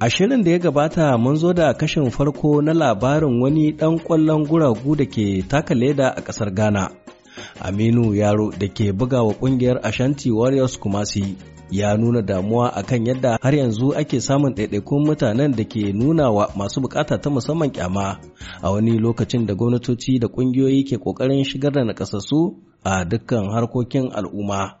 A shirin da ya gabata mun zo da kashin farko na labarin wani ɗan ƙwallon guragu da ke taka leda a ƙasar Ghana. Aminu Yaro da ke buga wa ƙungiyar Ashanti Warriors Kumasi ya nuna damuwa akan yadda har yanzu ake samun ɗaiɗaikun mutanen da ke nuna wa masu bukata ta musamman kyama a wani lokacin da gwamnatoci da ƙungiyoyi ke ƙoƙarin shigar da nakasassu a dukkan harkokin al'umma.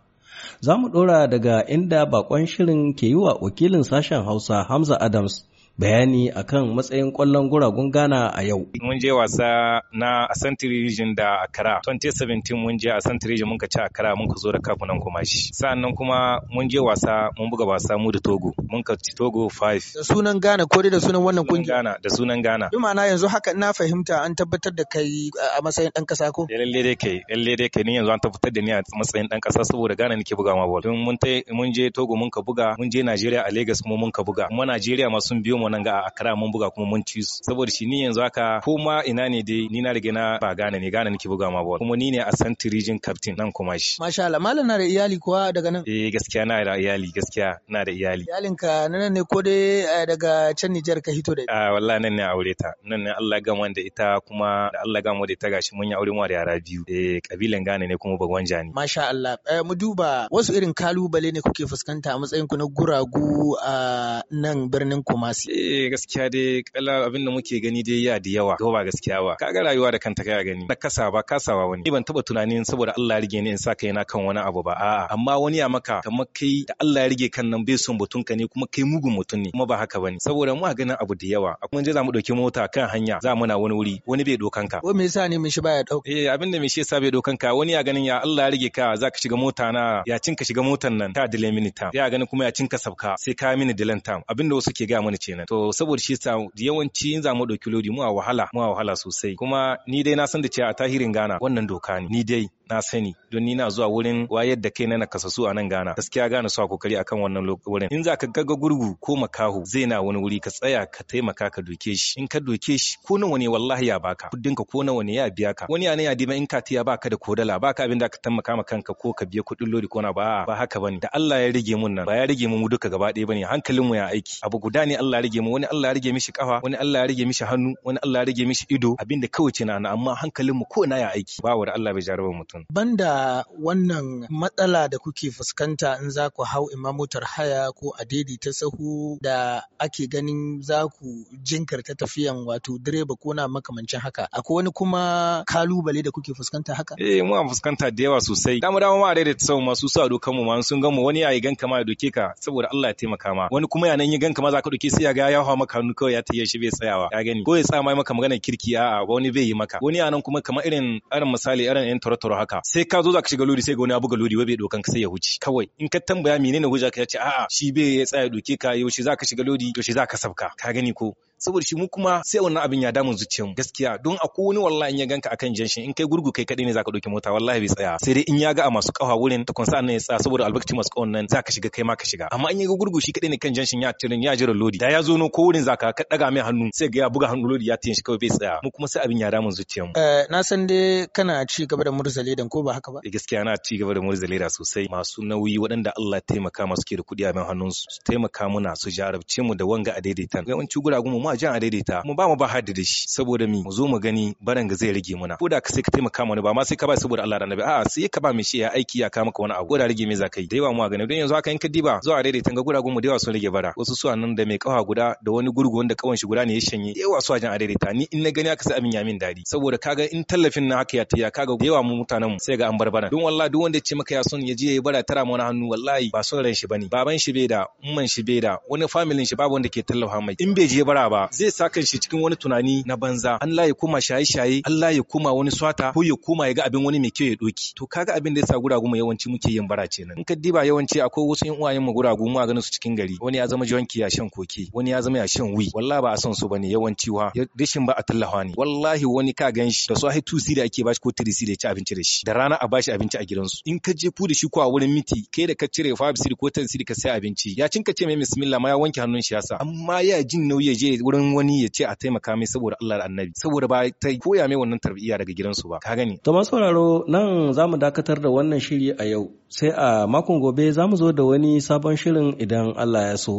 Za mu ɗora daga inda bakon shirin ke yi wa wakilin sashen Hausa Hamza Adams bayani akan matsayin kwallon guragun Ghana a yau. Mun je wasa na Asante Region da Accra. 2017 mun je Asante Region mun ka ci Accra mun ka zo da nan kuma shi. Sa'annan kuma mun je wasa mun buga wasa mu da Togo. Mun ka ci Togo 5. Da sunan Ghana ko da sunan wannan kungiya? Ghana da sunan Ghana. Bi ma'ana yanzu haka ina fahimta an tabbatar da kai a matsayin dan kasa ko? Eh, lalle dai kai, lalle dai kai ni yanzu an tabbatar da ni a matsayin dan kasa saboda Ghana nake buga ma bol. Mun mun je Togo mun ka buga, mun je Najeriya a Lagos kuma mun ka buga. Kuma Najeriya ma sun biyo mu wannan nan ga kara mun buga kuma mun ci su saboda shi ni yanzu haka ko ma ina ne dai ni na riga na ba gane ne gane nake buga ma ball kuma ni ne a Santi Region Captain nan kuma shi Masha Allah malam na da iyali kuwa daga nan Eh gaskiya na da iyali gaskiya na da iyali Iyalinka nan ne ko dai eh, daga can Niger ka hito da Ah wallahi nan ne aure ta nan ne Allah gama da ita kuma da Allah gama da ita gashi mun yi aure mu da yara biyu eh kabilan gane ne kuma bagwan jani. Masha Allah eh, mu duba wasu irin kalubale ne kuke fuskanta a matsayin ku na guragu a nan birnin Kumasi eh gaskiya dai kala abin da muke gani dai ya da yawa ba gaskiya ba kaga rayuwa da kanta kaya gani na kasa ba kasawa wani ni ban taba tunanin saboda Allah ya rige ni in saka kaina kan wani abu ba a'a amma wani ya maka kamar kai da Allah ya rige kan nan bai son batun ka ne kuma kai mugun mutun ne kuma ba haka bane saboda mu a ganin abu da yawa kuma je za mu dauki mota kan hanya za mu na wani wuri wani bai dokan ka ko me yasa ne mishi baya dauka eh abin da mishi yasa bai dokan ka wani ya ganin ya Allah ya rige ka za ka shiga mota na ya cin ka shiga motan nan ta dile mini ta ya ganin kuma ya cin ka sabka sai ka mini dilan tam abin da wasu ke ga mani kenan to saboda shi sa yawanci in za mu dauki lodi mu a wahala mu a wahala sosai kuma ni dai na san da cewa a tahirin Ghana wannan doka ne ni dai na sani don ni na zuwa wurin wayar da kai na kasasu a nan Ghana gaskiya Ghana su kokari akan wannan wurin in za ka gaga gurgu ko makaho zai na wani wuri ka tsaya ka taimaka ka doke shi in ka doke shi ko nawa ne wallahi ya baka kudin ka ko nawa ne ya biya ka wani anan ya dima in ka tiya baka da kodala baka abin da ka taimaka ma kanka ko ka biya kudin lodi ko na ba ba haka bane da Allah ya rige mun nan ba ya rige mun duka gaba ɗaya bane hankalin mu ya aiki abu guda ne Allah ya rige rage mu wani Allah ya rage mishi kafa wani Allah ya rage mishi hannu wani Allah ya rage mishi ido abinda kawai na, amma hankalin mu ko na ya aiki ba wa Allah bai jarabar mutum banda wannan matsala da kuke fuskanta in za ku hau imamutar haya ko a daidaita sahu da ake ganin za ku jinkirta tafiyan wato direba ko na makamancin haka akwai wani kuma kalubale da kuke fuskanta haka eh mu an fuskanta da yawa sosai dama dama ma ta sahu masu su a dokan mu ma sun gan mu wani ya yi ganka ma ya doke ka saboda Allah ya taimaka ma wani kuma ya nan ya ganka ma za ka doke sai ya ga ya hawa maka hannu kawai ya tayar shi bai tsayawa Ya gani ko ya sa mai maka magana kirki a wani bai yi maka wani anan kuma kamar irin irin misali irin yan toro haka sai ka zo zaka shiga lodi sai ga wani abu ga lodi wai bai dokan ka sai ya huce kawai in ka tambaya menene hujja ka ya ce a'a shi bai ya tsaya doke ka yaushe zaka shiga lodi yaushe zaka sabka ka gani ko saboda shi mu kuma sai wannan abin ya damu zuciyarmu gaskiya don a wani wallahi in ya ganka akan janshin in kai gurgu kai kadai ne zaka dauke mota wallahi bai tsaya sai dai in ya ga a masu kawa wurin ta kunsa nan ya tsaya saboda albarkaci masu kawon nan zaka shiga kai ma ka shiga amma in ya ga gurgu shi kadai ne kan janshin ya tirin ya jira lodi da ya zo no ko wurin zaka ka daga mai hannu sai ga ya buga hannu lodi ya tiyin shi kawai bai tsaya mu kuma sai abin ya damu zuciyarmu eh, na san dai kana ci gaba da murzale dan ko ba haka ba eh, gaskiya na ci gaba da murzale da sosai masu nauyi waɗanda Allah ya taimaka masu ke da kuɗi a hannun su taimaka muna su jarabce mu da wanga a daidaitan yawanci guragun mu a jan a daidaita mu ba mu ba hadda da shi saboda mi mu zo mu gani baran ga zai rage muna ko da ka sai ka taimaka mana ba ma sai ka ba saboda Allah da Annabi a'a sai ka ba mai shi ya aiki ya kama ka wani abu ko da rage mai zakai da yawa mu gani don yanzu haka in ka diba zuwa daidaita ga guragun mu da yawa sun rage bara wasu su nan da mai kawa guda da wani gurgu wanda kawan shi guda ne ya shanye da yawa su a jan a daidaita ni in na gani aka sai amin yamin dadi saboda kaga in tallafin na haka ya ta kaga da yawa mu mutanen mu sai ga an bar bara don wallahi duk wanda ya ce maka ya son ya je ya bara tara mana hannu wallahi ba son ran shi bane baban shi bai da umman shi bai da wani familin shi babu wanda ke tallafa mai in bai je bara ba ba zai sa kan shi cikin wani tunani na banza Allah ya kuma shaye-shaye Allah ya koma wani swata ko ya koma ya ga abin wani mai kyau ya doki to kaga abin da sa guragu mu yawanci muke yin bara kenan in ka diba yawanci akwai wasu yan uwayen mu guragu mu ganin su cikin gari wani ya zama jonki ya shan koke wani ya zama ya shan wi wallahi ba a son su bane yawanci wa rishin ba a tallafa ne wallahi wani ka gan shi da su hai tusi da ake bashi ko tirisi da ya ci abinci da shi da rana a bashi abinci a gidansu in ka je ku da shi ko a wurin miti kai da ka cire fa ko tansiri ka sai abinci ya cinka ce mai bismillah ma ya wanke hannun shi sa amma ya jin nauyi je Wurin wani ya ce a taimaka mai saboda Allah da annabi saboda ba ta koya mai wannan tarbiyya daga gidansu ba ka gani to masu sauraro nan za mu dakatar da wannan shiri a yau sai a makon gobe za mu zo da wani sabon shirin idan Allah ya so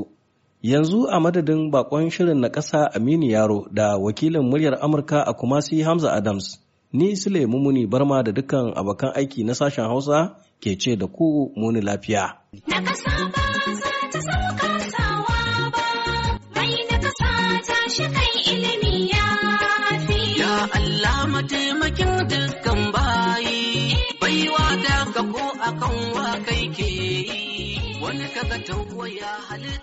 yanzu a madadin bakon shirin na ƙasa Aminu Yaro da wakilin muryar Amurka a Kumasi Hamza Adams ni Sule Mumuni Barma da dukkan abokan aiki na sashen Hausa ke ce da ku muni lafiya. Na ƙasa ba za ta sauka. ginshikan ilimi ya fi. Ya Allah mataimakin dukkan bayi, baiwa da ka ko akan wa kai ke yi, wani kaga tauwa ya halitta.